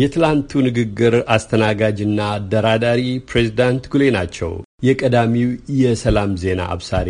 የትላንቱ ንግግር አስተናጋጅና አደራዳሪ ፕሬዚዳንት ጉሌ ናቸው። የቀዳሚው የሰላም ዜና አብሳሪ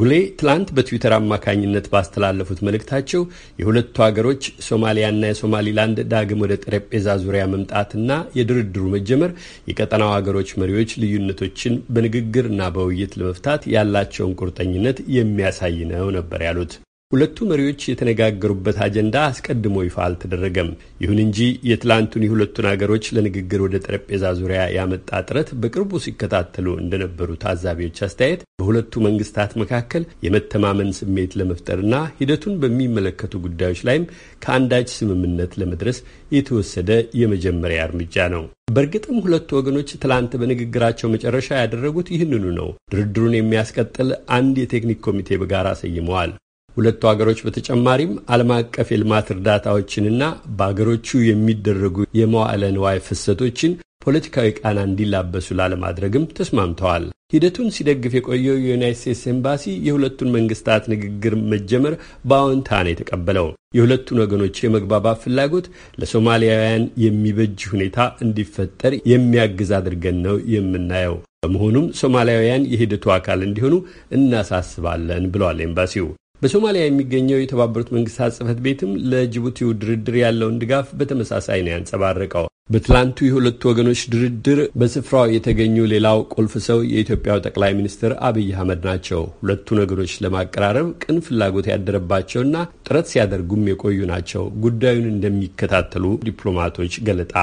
ጉሌ ትላንት በትዊተር አማካኝነት ባስተላለፉት መልእክታቸው የሁለቱ ሀገሮች ሶማሊያና የሶማሊላንድ ዳግም ወደ ጠረጴዛ ዙሪያ መምጣትና የድርድሩ መጀመር የቀጠናው ሀገሮች መሪዎች ልዩነቶችን በንግግርና በውይይት ለመፍታት ያላቸውን ቁርጠኝነት የሚያሳይ ነው ነበር ያሉት። ሁለቱ መሪዎች የተነጋገሩበት አጀንዳ አስቀድሞ ይፋ አልተደረገም። ይሁን እንጂ የትላንቱን የሁለቱን አገሮች ለንግግር ወደ ጠረጴዛ ዙሪያ ያመጣ ጥረት በቅርቡ ሲከታተሉ እንደነበሩ ታዛቢዎች አስተያየት በሁለቱ መንግስታት መካከል የመተማመን ስሜት ለመፍጠርና ሂደቱን በሚመለከቱ ጉዳዮች ላይም ከአንዳች ስምምነት ለመድረስ የተወሰደ የመጀመሪያ እርምጃ ነው። በእርግጥም ሁለቱ ወገኖች ትላንት በንግግራቸው መጨረሻ ያደረጉት ይህንኑ ነው። ድርድሩን የሚያስቀጥል አንድ የቴክኒክ ኮሚቴ በጋራ ሰይመዋል። ሁለቱ ሀገሮች በተጨማሪም ዓለም አቀፍ የልማት እርዳታዎችንና በአገሮቹ የሚደረጉ የመዋዕለ ንዋይ ፍሰቶችን ፖለቲካዊ ቃና እንዲላበሱ ላለማድረግም ተስማምተዋል። ሂደቱን ሲደግፍ የቆየው የዩናይት ስቴትስ ኤምባሲ የሁለቱን መንግስታት ንግግር መጀመር በአዎንታ ነው የተቀበለው። የሁለቱን ወገኖች የመግባባት ፍላጎት ለሶማሊያውያን የሚበጅ ሁኔታ እንዲፈጠር የሚያግዝ አድርገን ነው የምናየው። በመሆኑም ሶማሊያውያን የሂደቱ አካል እንዲሆኑ እናሳስባለን ብለዋል ኤምባሲው። በሶማሊያ የሚገኘው የተባበሩት መንግስታት ጽህፈት ቤትም ለጅቡቲው ድርድር ያለውን ድጋፍ በተመሳሳይ ነው ያንጸባረቀው። በትላንቱ የሁለቱ ወገኖች ድርድር በስፍራው የተገኙ ሌላው ቁልፍ ሰው የኢትዮጵያው ጠቅላይ ሚኒስትር አብይ አህመድ ናቸው። ሁለቱ ነገሮች ለማቀራረብ ቅን ፍላጎት ያደረባቸውና ጥረት ሲያደርጉም የቆዩ ናቸው። ጉዳዩን እንደሚከታተሉ ዲፕሎማቶች ገለጣ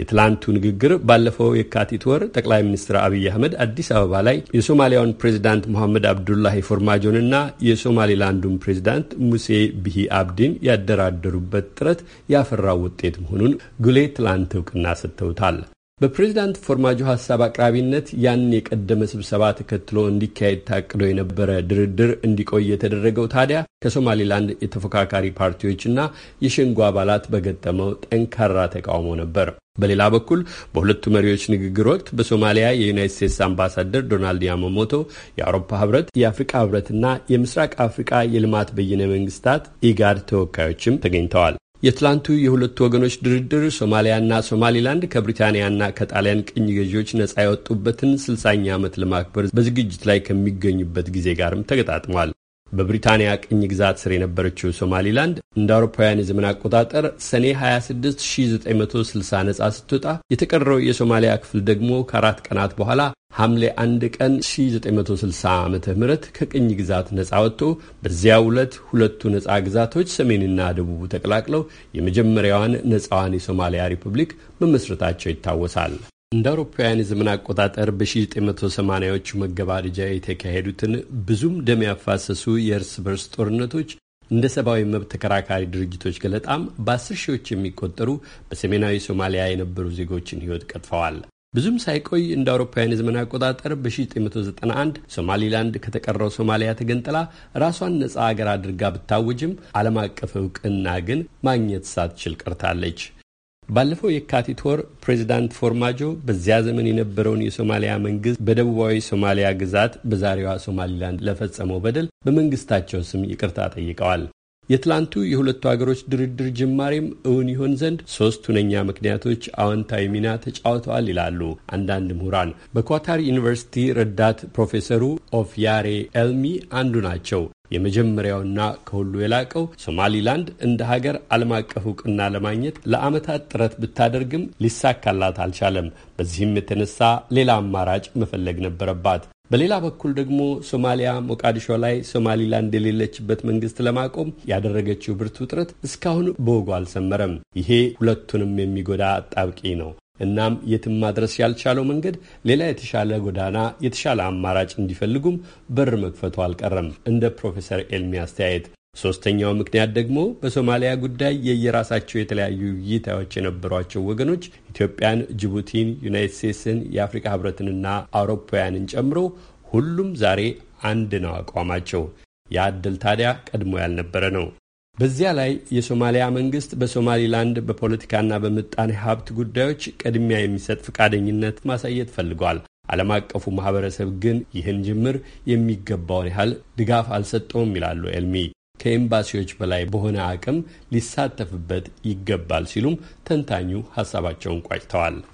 የትላንቱ ንግግር ባለፈው የካቲት ወር ጠቅላይ ሚኒስትር አብይ አህመድ አዲስ አበባ ላይ የሶማሊያውን ፕሬዚዳንት ሞሐመድ አብዱላሂ ፎርማጆንና የሶማሌላንዱን ፕሬዚዳንት ሙሴ ብሂ አብዲን ያደራደሩበት ጥረት ያፈራው ውጤት መሆኑን ጉሌ ትላንት እውቅና ሰጥተውታል። በፕሬዚዳንት ፎርማጆ ሀሳብ አቅራቢነት ያን የቀደመ ስብሰባ ተከትሎ እንዲካሄድ ታቅዶ የነበረ ድርድር እንዲቆይ የተደረገው ታዲያ ከሶማሊላንድ የተፎካካሪ ፓርቲዎችና የሸንጎ አባላት በገጠመው ጠንካራ ተቃውሞ ነበር። በሌላ በኩል በሁለቱ መሪዎች ንግግር ወቅት በሶማሊያ የዩናይት ስቴትስ አምባሳደር ዶናልድ ያማሞቶ የአውሮፓ ህብረት፣ የአፍሪካ ህብረትና የምስራቅ አፍሪካ የልማት በይነ መንግስታት ኢጋድ ተወካዮችም ተገኝተዋል። የትላንቱ የሁለቱ ወገኖች ድርድር ሶማሊያና ሶማሊላንድ ከብሪታንያና ከጣሊያን ቅኝ ገዢዎች ነጻ የወጡበትን ስልሳኛ ዓመት ለማክበር በዝግጅት ላይ ከሚገኙበት ጊዜ ጋርም ተገጣጥሟል። በብሪታንያ ቅኝ ግዛት ስር የነበረችው ሶማሊላንድ እንደ አውሮፓውያን የዘመን አቆጣጠር ሰኔ 26 1960 ነጻ ስትወጣ የተቀረው የሶማሊያ ክፍል ደግሞ ከአራት ቀናት በኋላ ሐምሌ 1 ቀን 1960 ዓ ም ከቅኝ ግዛት ነጻ ወጥቶ በዚያው ዕለት ሁለቱ ነጻ ግዛቶች ሰሜንና ደቡቡ ተቀላቅለው የመጀመሪያዋን ነጻዋን የሶማሊያ ሪፑብሊክ መመስረታቸው ይታወሳል። እንደ አውሮፓውያን የዘመን አቆጣጠር በ1980ዎቹ መገባደጃ የተካሄዱትን ብዙም ደም ያፋሰሱ የእርስ በርስ ጦርነቶች እንደ ሰብአዊ መብት ተከራካሪ ድርጅቶች ገለጣም በአስር ሺዎች የሚቆጠሩ በሰሜናዊ ሶማሊያ የነበሩ ዜጎችን ሕይወት ቀጥፈዋል። ብዙም ሳይቆይ እንደ አውሮፓውያን የዘመን አቆጣጠር በ1991 ሶማሊላንድ ከተቀረው ሶማሊያ ተገንጥላ ራሷን ነፃ አገር አድርጋ ብታውጅም ዓለም አቀፍ እውቅና ግን ማግኘት ሳትችል ቀርታለች። ባለፈው የካቲት ወር ፕሬዚዳንት ፎርማጆ በዚያ ዘመን የነበረውን የሶማሊያ መንግስት በደቡባዊ ሶማሊያ ግዛት በዛሬዋ ሶማሊላንድ ለፈጸመው በደል በመንግስታቸው ስም ይቅርታ ጠይቀዋል። የትላንቱ የሁለቱ አገሮች ድርድር ጅማሬም እውን ይሆን ዘንድ ሶስት ሁነኛ ምክንያቶች አዎንታዊ ሚና ተጫውተዋል ይላሉ አንዳንድ ምሁራን። በኳታር ዩኒቨርሲቲ ረዳት ፕሮፌሰሩ ኦፍያሬ ኤልሚ አንዱ ናቸው። የመጀመሪያውና ከሁሉ የላቀው ሶማሊላንድ እንደ ሀገር ዓለም አቀፍ እውቅና ለማግኘት ለአመታት ጥረት ብታደርግም ሊሳካላት አልቻለም። በዚህም የተነሳ ሌላ አማራጭ መፈለግ ነበረባት። በሌላ በኩል ደግሞ ሶማሊያ ሞቃዲሾ ላይ ሶማሊላንድ የሌለችበት መንግስት ለማቆም ያደረገችው ብርቱ ጥረት እስካሁን በወጉ አልሰመረም። ይሄ ሁለቱንም የሚጎዳ አጣብቂ ነው። እናም የትም ማድረስ ያልቻለው መንገድ ሌላ የተሻለ ጎዳና፣ የተሻለ አማራጭ እንዲፈልጉም በር መክፈቱ አልቀረም። እንደ ፕሮፌሰር ኤልሚ አስተያየት ሶስተኛው ምክንያት ደግሞ በሶማሊያ ጉዳይ የየራሳቸው የተለያዩ ውይይታዎች የነበሯቸው ወገኖች ኢትዮጵያን፣ ጅቡቲን፣ ዩናይት ስቴትስን፣ የአፍሪካ ህብረትንና አውሮፓውያንን ጨምሮ ሁሉም ዛሬ አንድ ነው አቋማቸው። ያ ታዲያ ቀድሞ ያልነበረ ነው። በዚያ ላይ የሶማሊያ መንግስት በሶማሊላንድ በፖለቲካና በምጣኔ ሀብት ጉዳዮች ቅድሚያ የሚሰጥ ፈቃደኝነት ማሳየት ፈልጓል። ዓለም አቀፉ ማህበረሰብ ግን ይህን ጅምር የሚገባውን ያህል ድጋፍ አልሰጠውም ይላሉ ኤልሚ። ከኤምባሲዎች በላይ በሆነ አቅም ሊሳተፍበት ይገባል ሲሉም ተንታኙ ሀሳባቸውን ቋጭተዋል።